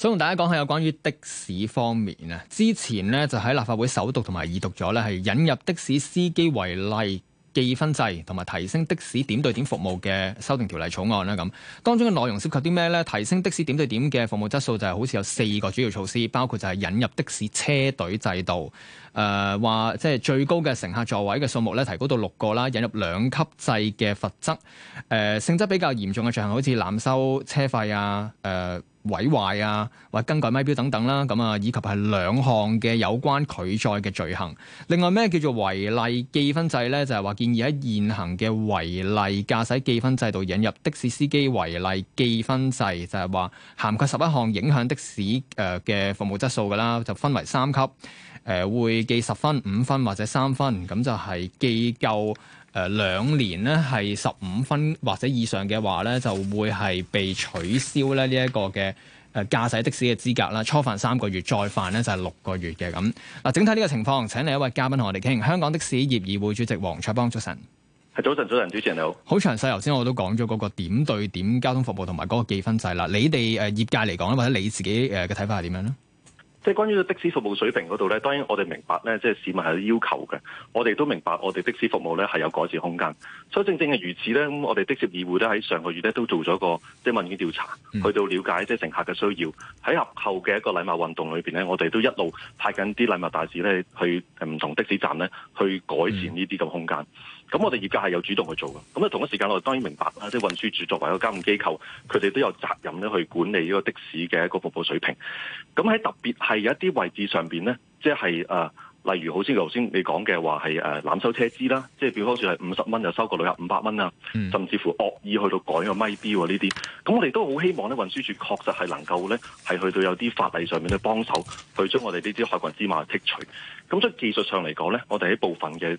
想同大家講下有關於的士方面啊，之前咧就喺立法會首讀同埋二讀咗咧，係引入的士司機違例記分制同埋提升的士點對點服務嘅修訂條例草案啦。咁當中嘅內容涉及啲咩咧？提升的士點對點嘅服務質素就係好似有四個主要措施，包括就係引入的士車隊制度，誒、呃、話即係最高嘅乘客座位嘅數目咧提高到六個啦，引入兩級制嘅罰則，誒、呃、性質比較嚴重嘅罪行好似濫收車費啊，誒、呃。毀壞啊，或者更改咪標等等啦，咁啊，以及係兩項嘅有關拒載嘅罪行。另外咩叫做違例記分制咧？就係、是、話建議喺現行嘅違例駕駛記分制度引入的士司機違例記分制，就係話涵蓋十一項影響的士誒嘅、呃、服務質素噶啦，就分為三級，誒、呃、會記十分、五分或者三分，咁就係記夠。誒兩年咧，係十五分或者以上嘅話咧，就會係被取消咧呢一個嘅誒駕駛的士嘅資格啦。初犯三個月，再犯咧就係六個月嘅咁嗱。整體呢個情況，請嚟一位嘉賓同我哋傾。香港的士業議會主席黃卓邦，早晨。係早晨，早晨，主持人你好。好詳細，頭先我都講咗嗰個點對點交通服務同埋嗰個記分制啦。你哋誒業界嚟講咧，或者你自己誒嘅睇法係點樣咧？即係關於的士服務水平嗰度咧，當然我哋明白咧，即係市民係有要求嘅。我哋都明白，我哋的士服務咧係有改善空間。所以正正係如此咧，我哋的士議會咧喺上個月咧都做咗個即係問卷調查，去到了解即係乘客嘅需要。喺合後嘅一個禮貌運動裏面咧，我哋都一路派緊啲禮貌大使咧去唔同的士站咧去改善呢啲咁空間。咁我哋業界係有主動去做㗎，咁咧同一時間我哋當然明白啦，即係運輸處作為一個監管機構，佢哋都有責任咧去管理呢個的士嘅一個服務水平。咁喺特別係有一啲位置上面咧，即係誒、呃，例如好似頭先你講嘅話係誒、呃、攬收車資啦，即係比方算係五十蚊就收個旅客五百蚊啊，甚至乎惡意去到改個咪錶喎呢啲。咁我哋都好希望咧，運輸處確實係能夠咧，係去到有啲法例上面咧幫手去將我哋呢啲害群之馬剔除。咁所以技術上嚟講咧，我哋喺部分嘅。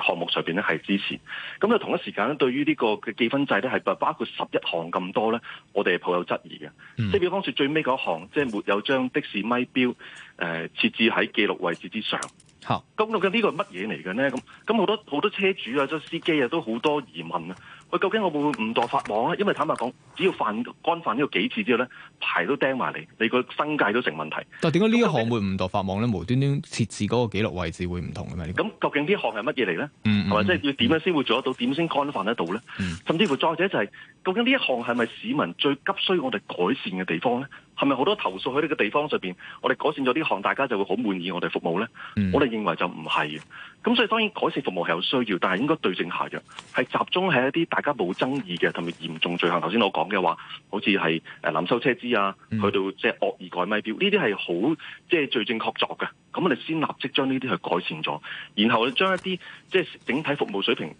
項目上邊咧，係支持，咁就同一時間咧對於呢個嘅記分制咧，係包括十一項咁多咧，我哋係抱有質疑嘅，即、嗯、係比方說最尾嗰行，即係沒有將的士咪錶。誒設置喺記錄位置之上，嚇咁究竟個呢個係乜嘢嚟嘅咧？咁咁好多好多車主啊、咗司機啊，都好多疑問啊！喂，究竟我會唔會誤墮法網啊？因為坦白講，只要犯幹犯呢個幾次之後咧，牌都釘埋嚟，你個新界都成問題。但係點解呢一項會誤墮法網咧？無端端設置嗰個記錄位置會唔同嘅嘛？咁究竟項呢項係乜嘢嚟咧？或者係要點樣先會做得到？點先幹犯得到咧、嗯？甚至乎再者就係、是、究竟呢一項係咪市民最急需我哋改善嘅地方咧？係咪好多投訴喺呢個地方上邊？我哋改善咗呢項，大家就會好滿意我哋服務咧。我哋認為就唔係。咁所以當然改善服務係有需要，但係應該對症下藥，係集中喺一啲大家冇爭議嘅同埋嚴重罪行。頭先我講嘅話，好似係誒濫收車資啊，去到即係惡意改咪標，呢啲係好即係罪證確鑿嘅。咁我哋先立即將呢啲去改善咗，然後將一啲即係整體服務水平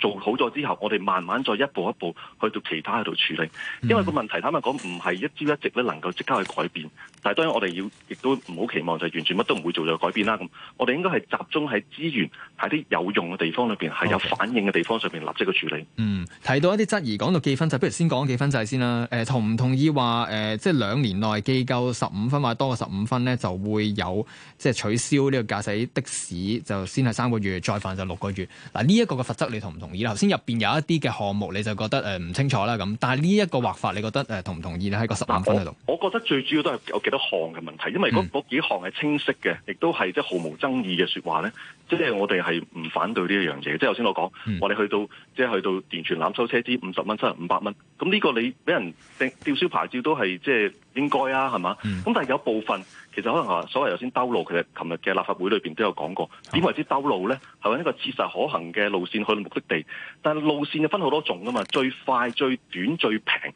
做好咗之後，我哋慢慢再一步一步去到其他喺度處理。因為個問題坦白講唔係一朝一夕都能夠即刻去改變。但係當然我們，我哋要亦都唔好期望就完全乜都唔會做就改變啦。咁我哋應該係集中喺資源喺啲有用嘅地方裏邊，係有反應嘅地方上邊立即去處理。Okay. 嗯，提到一啲質疑，講到記分制，不如先講記分制先啦。誒、呃、同唔同意話誒、呃，即係兩年內記夠十五分或者多過十五分咧，就會有即係取消呢個駕駛的士，就先係三個月，再犯就六個月。嗱呢一個嘅罰則，你同唔同意咧？頭先入邊有一啲嘅項目，你就覺得誒唔、呃、清楚啦咁。但係呢一個劃法，你覺得誒、呃、同唔同意咧？喺個十五分喺度、啊，我覺得最主要都係一項嘅問題，因為嗰嗰幾項係清晰嘅，亦都係即係毫無爭議嘅説話咧，即係我哋係唔反對呢一樣嘢。即係頭先我講我哋去到，即係去到完全攬收車資五十蚊、七十五百蚊，咁呢個你俾人吊銷牌照都係即係應該啊，係嘛？咁、嗯、但係有部分其實可能話所謂頭先兜路，其實琴日嘅立法會裏邊都有講過，點為之兜路咧？係一個切實可行嘅路線去到目的地，但係路線就分好多種噶嘛，最快、最短、最平，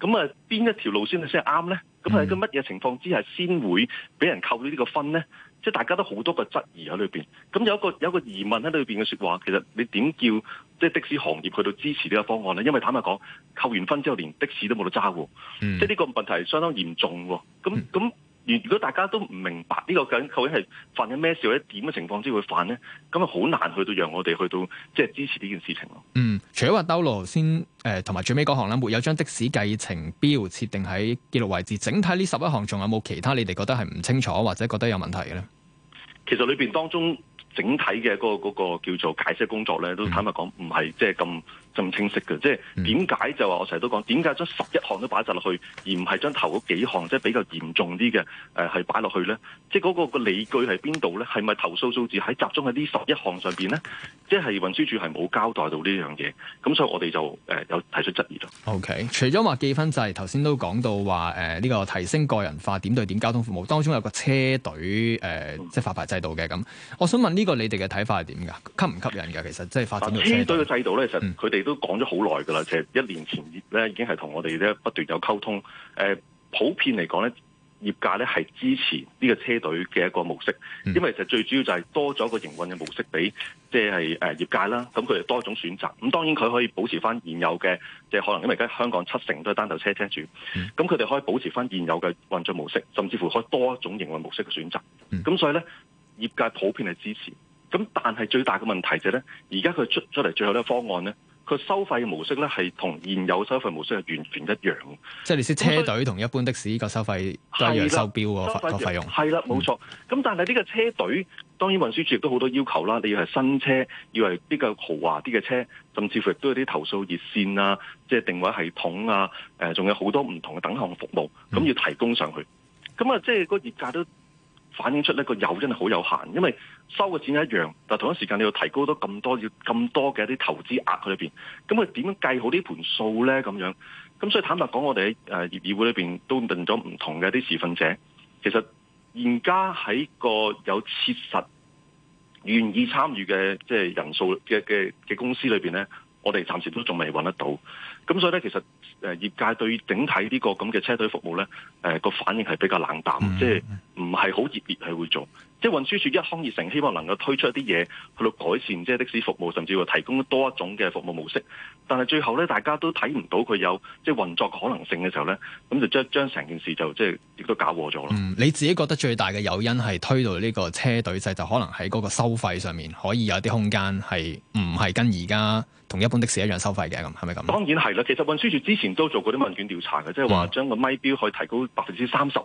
咁啊邊一條路線先係啱咧？咁係喺個乜嘢情況之下先會俾人扣咗呢個分咧？即係大家都好多個質疑喺裏面。咁有一個有一個疑問喺裏面嘅說話，其實你點叫即係的士行業去到支持呢個方案咧？因為坦白講，扣完分之後連的士都冇得揸喎、嗯。即係呢個問題相當嚴重喎。咁咁如如果大家都唔明白呢個究竟究竟係犯緊咩事或者點嘅情況先會犯咧，咁啊好難去到讓我哋去到即係支持呢件事情咯。嗯，除咗話兜羅先。誒同埋最尾嗰行咧，沒有將的士計程表設定喺記錄位置。整體呢十一項，仲有冇其他你哋覺得係唔清楚或者覺得有問題嘅咧？其實裏邊當中整體嘅嗰個嗰個叫做解釋工作咧，都坦白講唔係即係咁。咁清晰嘅，即係點解就話我成日都講點解將十一項都擺晒落去，而唔係將頭嗰幾項即係、就是、比較嚴重啲嘅係擺落去咧？即係嗰個理據喺邊度咧？係咪投訴數字喺集中喺呢十一項上面咧？即係運輸署係冇交代到呢樣嘢，咁所以我哋就誒、啊、有提出質疑咯。OK，除咗話記分制，頭先都講到話誒呢個提升個人化點對點交通服務，當中有個車隊誒、呃嗯、即係發牌制度嘅咁，我想問呢個你哋嘅睇法係點㗎？吸唔吸引㗎？其實即係發展到車隊嘅制度咧，其實佢哋、嗯。都講咗好耐噶啦，其實一年前咧已經係同我哋咧不斷有溝通。誒，普遍嚟講咧，業界咧係支持呢個車隊嘅一個模式，因為其實最主要就係多咗一個營運嘅模式俾即係誒業界啦。咁佢哋多一種選擇。咁當然佢可以保持翻現有嘅，即係可能因為而家香港七成都係單頭車車主，咁佢哋可以保持翻現有嘅運作模式，甚至乎可以多一種營運模式嘅選擇。咁所以咧，業界普遍係支持。咁但係最大嘅問題就係咧，而家佢出出嚟最後咧個方案咧。佢收費模式咧，係同現有收費模式係完全一樣，即係你啲車隊同一般的士個收費都係一樣，收錶個個費用。係啦，冇錯。咁、嗯、但係呢個車隊，當然運輸署亦都好多要求啦，你要係新車，要係比較豪華啲嘅車，甚至乎亦都有啲投訴熱線啊，即係定位系統啊，仲、呃、有好多唔同嘅等項服務，咁要提供上去。咁、嗯、啊，即係個業界都。反映出呢、這個誘因係好有限，因為收嘅錢一樣，但同一時間你要提高多咁多要咁多嘅一啲投資額喺裏面。咁佢點樣計好呢盤數咧？咁樣，咁所以坦白講，我哋喺誒業議會裏邊都認咗唔同嘅一啲持份者，其實而家喺個有切實願意參與嘅即係人數嘅嘅嘅公司裏面咧。我哋暫時都仲未搵得到，咁所以咧，其實誒、呃、業界對整體呢個咁嘅車隊服務咧，誒、呃、個反應係比較冷淡，即係唔係好熱烈係會做。即、嗯、係、就是、運輸署一腔熱誠，希望能夠推出一啲嘢去到改善，即、就、係、是、的士服務，甚至乎提供多一種嘅服務模式。但係最後咧，大家都睇唔到佢有即係、就是、運作可能性嘅時候咧，咁就將將成件事就即係亦都搞和咗咯。你自己覺得最大嘅誘因係推到呢個車隊制，就是、可能喺嗰個收費上面可以有啲空間，係唔係跟而家？同一般的士一樣收費嘅咁，係咪咁？當然係啦。其實運輸署之前都做過啲問卷調查嘅，即係話將個咪錶可以提高百分之三十，咁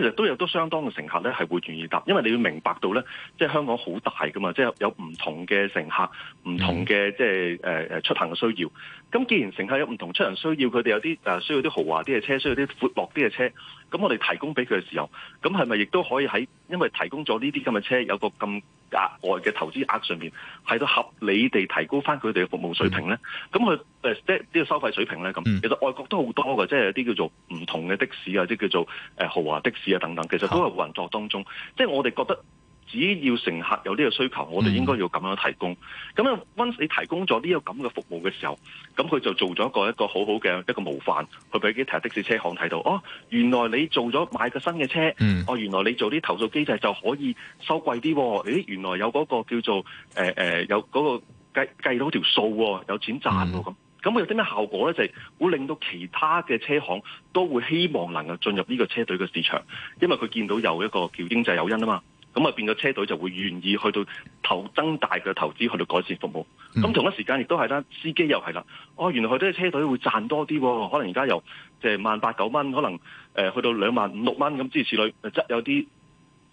其實都有都相當嘅乘客咧係會願意搭，因為你要明白到咧，即係香港好大㗎嘛，即係有唔同嘅乘客，唔同嘅即係誒誒出行嘅需要。咁既然乘客有唔同出行需要，佢哋有啲誒需要啲豪華啲嘅車，需要啲闊落啲嘅車。咁我哋提供俾佢嘅時候，咁係咪亦都可以喺因為提供咗呢啲咁嘅車，有個咁額外嘅投資額上面，係到合理地提高翻佢哋嘅服務水平咧？咁佢誒即係呢個收費水平咧？咁其實外國都好多嘅，即係有啲叫做唔同嘅的，的士啊，即係叫做、呃、豪華的士啊等等，其實都係運作當中，嗯、即係我哋覺得。只要乘客有呢個需求，我哋應該要咁樣提供。咁樣溫你提供咗呢個咁嘅服務嘅時候，咁佢就做咗一個一個好好嘅一個模範，去俾啲提的士車行睇到。哦，原來你做咗買個新嘅車、嗯，哦，原來你做啲投訴機制就可以收貴啲。咦，原來有嗰個叫做誒、呃、有嗰個計計到條數，有錢賺咁、哦。咁、嗯、佢有啲咩效果咧？就係、是、會令到其他嘅車行都會希望能夠進入呢個車隊嘅市場，因為佢見到有一個叫經濟誘因啊嘛。咁啊，變咗車隊就會願意去到投增大嘅投資去到改善服務。咁、嗯、同一時間亦都係啦，司機又係啦。哦，原來佢啲車隊會賺多啲喎、哦。可能而家由即係萬八九蚊，可能誒、呃、去到兩萬五六蚊咁，之類即有啲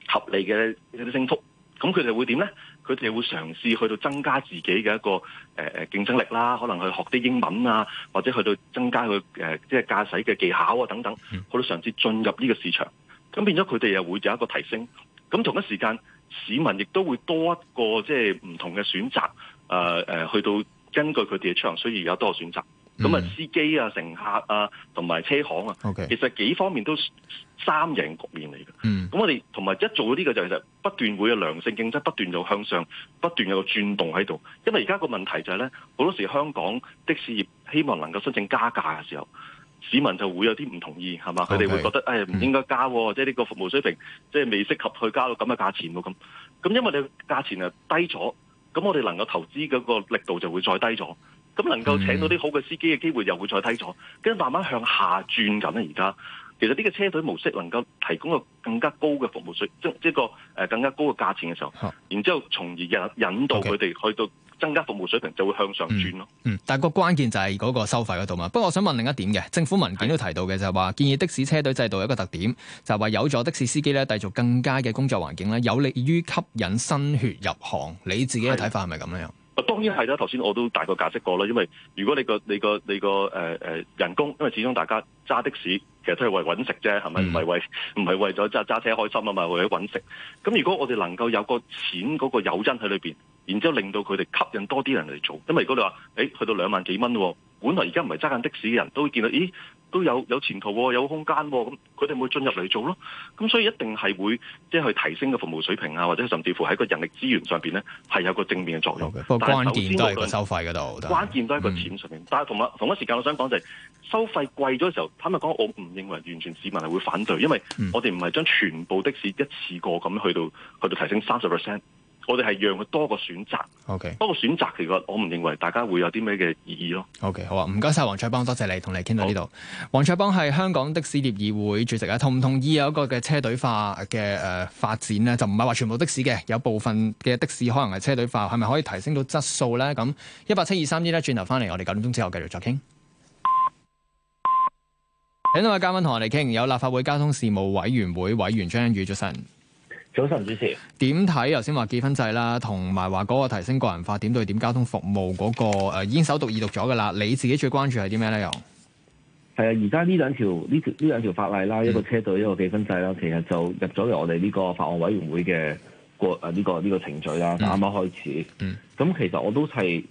合理嘅升幅。咁佢哋會點咧？佢哋會嘗試去到增加自己嘅一個誒誒、呃、競爭力啦。可能去學啲英文啊，或者去到增加佢誒、呃、即係駕駛嘅技巧啊等等，去到嘗試進入呢個市場。咁變咗佢哋又會有一個提升。咁同一時間，市民亦都會多一個即係唔同嘅選擇，誒、呃、去到根據佢哋嘅出行需要有多個選擇。咁、嗯、啊，司機啊、乘客啊、同埋車行啊，okay. 其實幾方面都三贏局面嚟嘅。咁、嗯、我哋同埋一做咗、這、呢個就係實不斷會有良性競爭，不斷就向上，不斷有個轉動喺度。因為而家個問題就係、是、咧，好多時香港的士業希望能夠申請加價嘅時候。市民就會有啲唔同意，係嘛？佢、okay. 哋會覺得誒唔應該加，即係呢個服務水平即係未適合去加到咁嘅價錢喎咁。咁因為你價錢啊低咗，咁我哋能夠投資嗰個力度就會再低咗，咁能夠請到啲好嘅司機嘅機會又會再低咗，跟、嗯、住慢慢向下轉緊啊！而家其實呢個車隊模式能夠提供更、就是、個更加高嘅服務水，即即係個誒更加高嘅價錢嘅時候，huh. 然之後從而引引導佢哋、okay. 去到。增加服務水平就會向上轉咯、嗯。嗯，但係個關鍵就係嗰個收費嗰度嘛。不過我想問另一點嘅，政府文件都提到嘅就係話，建議的士車隊制度有一個特點，就係、是、話有助的士司機咧，帶嚟更加嘅工作環境咧，有利於吸引新血入行。你自己嘅睇法係咪咁樣？啊，當然係啦。頭先我都大概解釋過啦，因為如果你個你個你個誒誒人工，因為始終大家揸的士其實都係為揾食啫，係咪？唔、嗯、係為唔係為咗真揸車開心啊嘛，不是為咗揾食。咁如果我哋能夠有個錢嗰個誘因喺裏邊。然之後令到佢哋吸引多啲人嚟做，因為如果你話，誒去到兩萬幾蚊喎，本來而家唔係揸緊的士嘅人都會見到，咦都有有前途、哦，有空間、哦，咁佢哋會進入嚟做咯。咁所以一定係會即係去提升個服務水平啊，或者甚至乎喺個個人力資源上面咧，係有個正面嘅作用嘅、okay。關鍵都喺個收費嗰度，關鍵都喺個錢上面。嗯、但係同埋同一時間，我想講就係、是、收費貴咗嘅時候，坦白講，我唔認為完全市民係會反對，因為我哋唔係將全部的士一次過咁去到去到，去到提升三十 percent。我哋係讓佢多個選擇。O K，多個選擇其實我唔認為大家會有啲咩嘅意義咯。O K，好啊，唔該晒黃卓邦，多謝,謝你同你傾到呢度。黃卓邦係香港的士業議會主席啊，同唔同意有一個嘅車隊化嘅誒、呃、發展呢？就唔係話全部的士嘅，有部分嘅的,的士可能係車隊化，係咪可以提升到質素咧？咁一八七二三 D 咧，轉頭翻嚟，我哋九點鐘之後繼續再傾。另位嘉賓同我哋傾，有立法會交通事務委員會委員張欣宇早晨。早晨，主持。點睇？頭先話記分制啦，同埋話嗰個提升個人化點對點交通服務嗰個、呃、已經首讀二讀咗㗎啦。你自己最關注係啲咩咧？又係啊！而家呢兩條呢條呢兩條法例啦、嗯，一個車隊，一個記分制啦，其實就入咗入我哋呢個法案委員會嘅過誒呢個呢、呢個呢個程序啦。啱啱開始。嗯。咁其實我都係，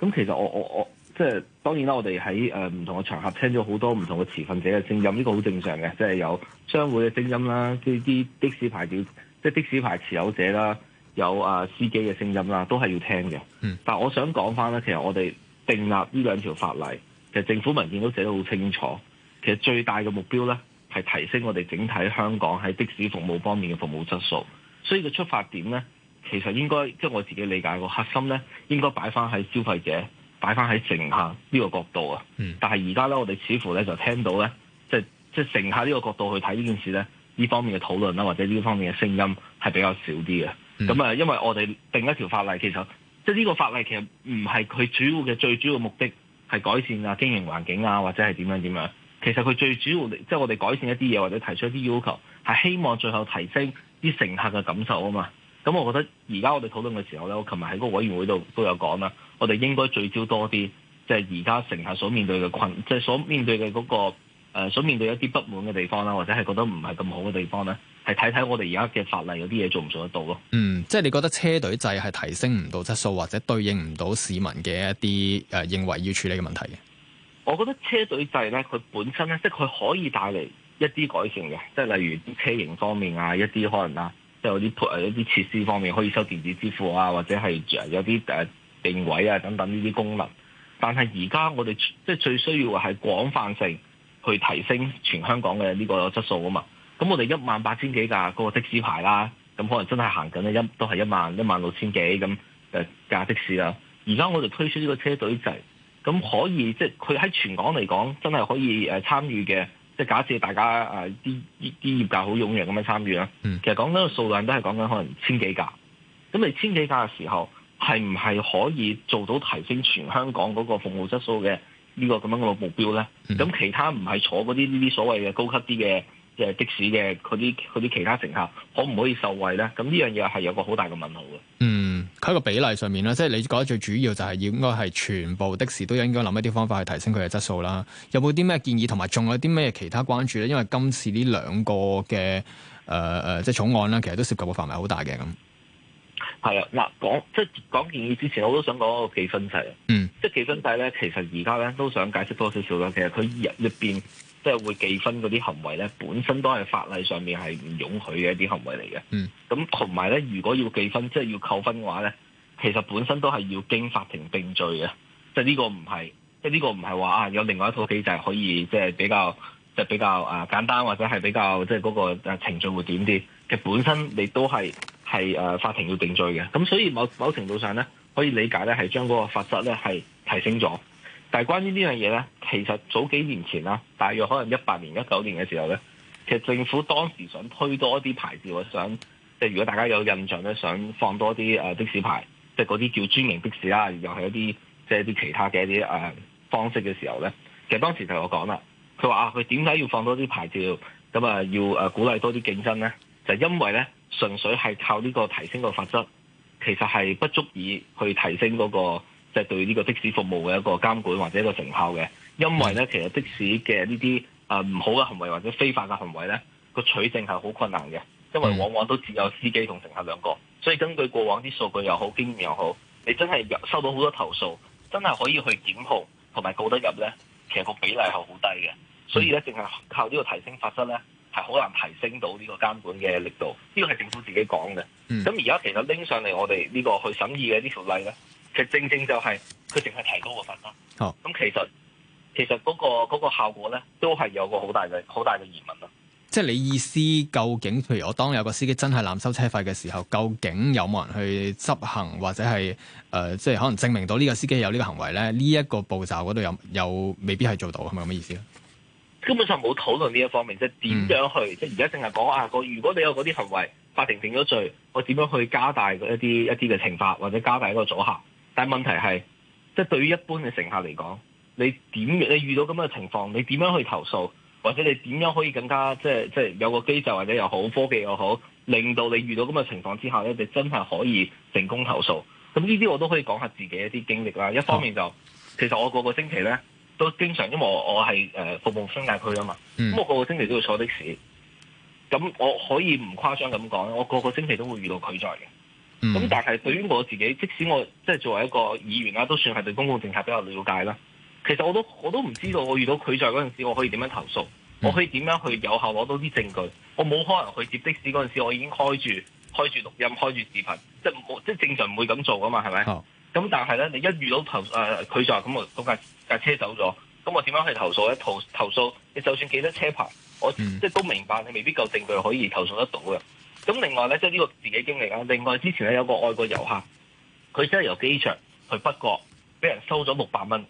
咁其實我我我即係當然啦。我哋喺誒唔同嘅場合聽咗好多唔同嘅持份者嘅聲音，呢個好正常嘅，即係有商會嘅聲音啦，啲啲的士牌照，即係的士牌持有者啦，有啊司機嘅聲音啦，都係要聽嘅。但係我想講翻咧，其實我哋定立呢兩條法例，其實政府文件都寫得好清楚。其實最大嘅目標咧，係提升我哋整體香港喺的士服務方面嘅服務質素。所以個出發點咧，其實應該即係我自己理解個核心咧，應該擺翻喺消費者，擺翻喺乘客呢個角度啊。但係而家咧，我哋似乎咧就聽到咧，即係即係乘客呢個角度去睇呢件事咧。呢方面嘅討論啦，或者呢方面嘅聲音係比較少啲嘅。咁、嗯、啊，因為我哋定一條法例，其實即係呢個法例其實唔係佢主要嘅最主要嘅目的係改善啊經營環境啊，或者係點樣點樣。其實佢最主要即係、就是、我哋改善一啲嘢，或者提出一啲要求，係希望最後提升啲乘客嘅感受啊嘛。咁我覺得而家我哋討論嘅時候咧，我琴日喺個委員會度都有講啦，我哋應該聚焦多啲，即係而家乘客所面對嘅困，即、就、係、是、所面對嘅嗰、那個。誒、呃，所面對一啲不滿嘅地方啦，或者係覺得唔係咁好嘅地方咧，係睇睇我哋而家嘅法例嗰啲嘢做唔做得到咯？嗯，即係你覺得車隊制係提升唔到質素，或者對應唔到市民嘅一啲誒、呃、認為要處理嘅問題嘅？我覺得車隊制咧，佢本身咧，即係佢可以帶嚟一啲改善嘅，即係例如啲車型方面啊，一啲可能啦、啊，即係有啲一啲設施方面可以收電子支付啊，或者係有啲誒定位啊等等呢啲功能。但係而家我哋即係最需要係廣泛性。去提升全香港嘅呢個質素啊嘛，咁我哋一萬八千幾架嗰個的士牌啦，咁可能真係行緊嘅一都係一萬一萬六千幾咁誒架的士啦。而家我哋推出呢個車隊制，就係，咁可以即係佢喺全港嚟講，真係可以誒、呃、參與嘅。即係假設大家誒啲啲業界好踴躍咁樣參與啦，嗯。其實講緊個數量都係講緊可能千幾架。咁你千幾架嘅時候，係唔係可以做到提升全香港嗰個服務質素嘅？呢、這個咁樣嘅目標咧，咁、嗯、其他唔係坐嗰啲呢啲所謂嘅高級啲嘅嘅的士嘅嗰啲啲其他乘客，可唔可以受惠咧？咁呢樣嘢係有一個好大嘅問號嘅。嗯，喺個比例上面咧，即係你覺得最主要就係要應該係全部的士都應該諗一啲方法去提升佢嘅質素啦。有冇啲咩建議同埋仲有啲咩其他關注咧？因為今次呢兩個嘅誒誒即係草案啦，其實都涉及嘅範圍好大嘅咁。係啦，嗱，講即係講建議之前，我都想講個記分制啊。嗯。即係記分制咧，其實而家咧都想解釋多少少啦。其實佢入入邊即係會記分嗰啲行為咧，本身都係法例上面係唔容許嘅一啲行為嚟嘅。嗯。咁同埋咧，如果要記分，即係要扣分嘅話咧，其實本身都係要經法庭定罪嘅。即係呢個唔係，即係呢個唔係話啊，有另外一套機制可以即係比較，即係比較，即係比較啊簡單或者係比較即係嗰個程序會點啲。其實本身你都係。係誒法庭要定罪嘅，咁所以某某程度上咧，可以理解咧係將嗰個法則咧係提升咗。但係關於呢樣嘢咧，其實早幾年前啦，大約可能一八年、一九年嘅時候咧，其實政府當時想推多啲牌照啊，想即係如果大家有印象咧，想放多啲誒的士牌，即係嗰啲叫專營的士啦，又係一啲即係一啲其他嘅一啲誒方式嘅時候咧，其實當時同我講啦，佢話啊，佢點解要放多啲牌照咁啊？要鼓勵多啲競爭咧，就是、因為咧。純粹係靠呢個提升個法則，其實係不足以去提升嗰個，即係對呢個的士服務嘅一個監管或者一個成效嘅。因為呢，其實的士嘅呢啲啊唔好嘅行為或者非法嘅行為呢，個取證係好困難嘅，因為往往都只有司機同乘客兩個。所以根據過往啲數據又好，經驗又好，你真係收到好多投訴，真係可以去檢控同埋告得入呢，其實個比例係好低嘅。所以呢，淨係靠呢個提升法則呢，係好難提升到呢個監管嘅力度，呢個係政府自己講嘅。咁、嗯、而家其實拎上嚟我哋呢個去審議嘅呢條例咧，其實正正就係佢淨係提高個分咯。咁其實其實嗰個、嗰個效果咧，都係有一個好大嘅好大嘅疑問啦。即係你意思，究竟譬如我當有個司機真係濫收車費嘅時候，究竟有冇人去執行或者係誒、呃，即係可能證明到呢個司機有呢個行為咧？呢、呢、一個步驟嗰度有有，有未必係做到，係咪咁嘅意思咧？根本上冇討論呢一方面，即係點樣去？嗯、即係而家淨係講啊個，如果你有嗰啲行為，法庭定咗罪，我點樣去加大一啲一啲嘅懲罰，或者加大一個組合？但係問題係，即係對於一般嘅乘客嚟講，你點你遇到咁嘅情況，你點樣去投訴，或者你點樣可以更加即係即係有個機制或者又好科技又好，令到你遇到咁嘅情況之下咧，你真係可以成功投訴。咁呢啲我都可以講下自己一啲經歷啦。一方面就，哦、其實我個個星期咧，都經常，因為我我係誒、呃、服務商業區啊嘛，咁、嗯、我個個星期都會坐的士，咁我可以唔誇張咁講我個個星期都會遇到拒載嘅，咁、嗯、但係對於我自己，即使我即係作為一個議員啦，都算係對公共政策比較了解啦。其實我都我都唔知道，我遇到拒載嗰陣時候我、嗯，我可以點樣投訴？我可以點樣去有效攞到啲證據？我冇可能去接的士嗰陣時，我已經開住開住錄音、開住視頻，即係冇即係正常唔會咁做㗎嘛，係咪？咁但係咧，你一遇到投誒，佢、啊、就話咁我架架車走咗，咁我點樣去投訴咧？投投訴，你就算記得車牌，我即係、嗯、都明白你未必夠證據可以投訴得到嘅。咁另外咧，即係呢個自己經歷啊。另外之前咧有個外國遊客，佢真係由機場去北角，俾人收咗六百蚊，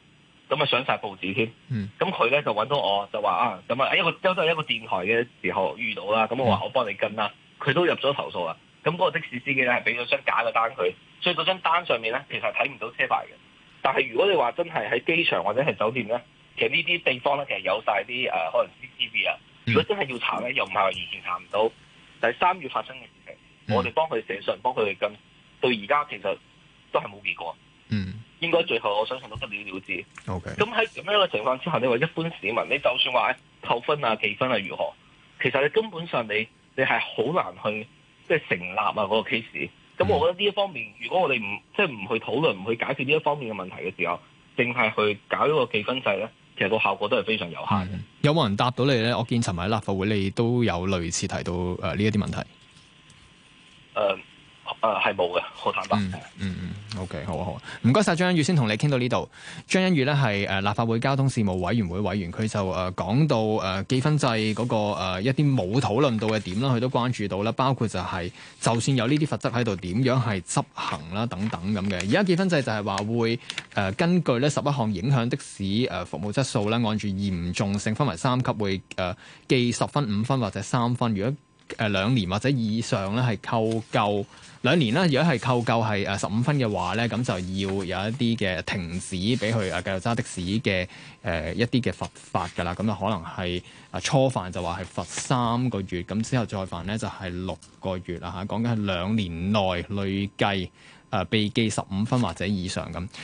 咁啊上晒報紙添。咁佢咧就揾到我就話啊，咁啊喺一個周都係一個電台嘅時候遇到啦。咁我話、嗯、我幫你跟啦，佢都入咗投訴啦。咁嗰個的士司機咧係俾咗張假嘅單佢。所以嗰張單上面咧，其實睇唔到車牌嘅。但係如果你話真係喺機場或者係酒店咧，其實呢啲地方咧其實有晒啲誒可能 CCTV 啊。如果真係要查咧，又唔係話完全查唔到。但係三月發生嘅事情，我哋幫佢哋寫信，幫佢哋跟，到而家其實都係冇結果。嗯，應該最後我相信都不了了之。O K。咁喺咁樣嘅情況之下，你話一般市民，你就算話扣分啊、記分啊如何，其實你根本上你你係好難去即係、就是、成立啊嗰個 case。咁、嗯，我覺得呢一方面，如果我哋唔即係唔去討論、唔去解決呢一方面嘅問題嘅時候，淨係去搞一個記分制咧，其實個效果都係非常有限嘅、嗯。有冇人答到你咧？我見尋日立法會你都有類似提到誒呢一啲問題。誒、呃。誒係冇嘅，好坦白。嗯嗯 OK，好啊好啊，唔該晒張欣宇，先同你傾到呢度。張欣宇呢係誒立法會交通事務委員會委員，佢就誒講到誒記分制嗰個一啲冇討論到嘅點啦，佢都關注到啦，包括就係就算有呢啲罰則喺度，點樣係執行啦等等咁嘅。而家記分制就係話會誒根據呢十一項影響的士誒服務質素咧，按住嚴重性分為三級，會誒記十分、五分或者三分。如果誒兩年或者以上咧，係扣夠兩年啦。如果係扣夠係誒十五分嘅話咧，咁就要有一啲嘅停止俾佢誒繼續揸的士嘅誒、啊、一啲嘅罰法㗎啦。咁就可能係誒、啊、初犯就話係罰三個月，咁之後再犯咧就係、是、六個月啦嚇。講緊係兩年內累計誒被記十五分或者以上咁。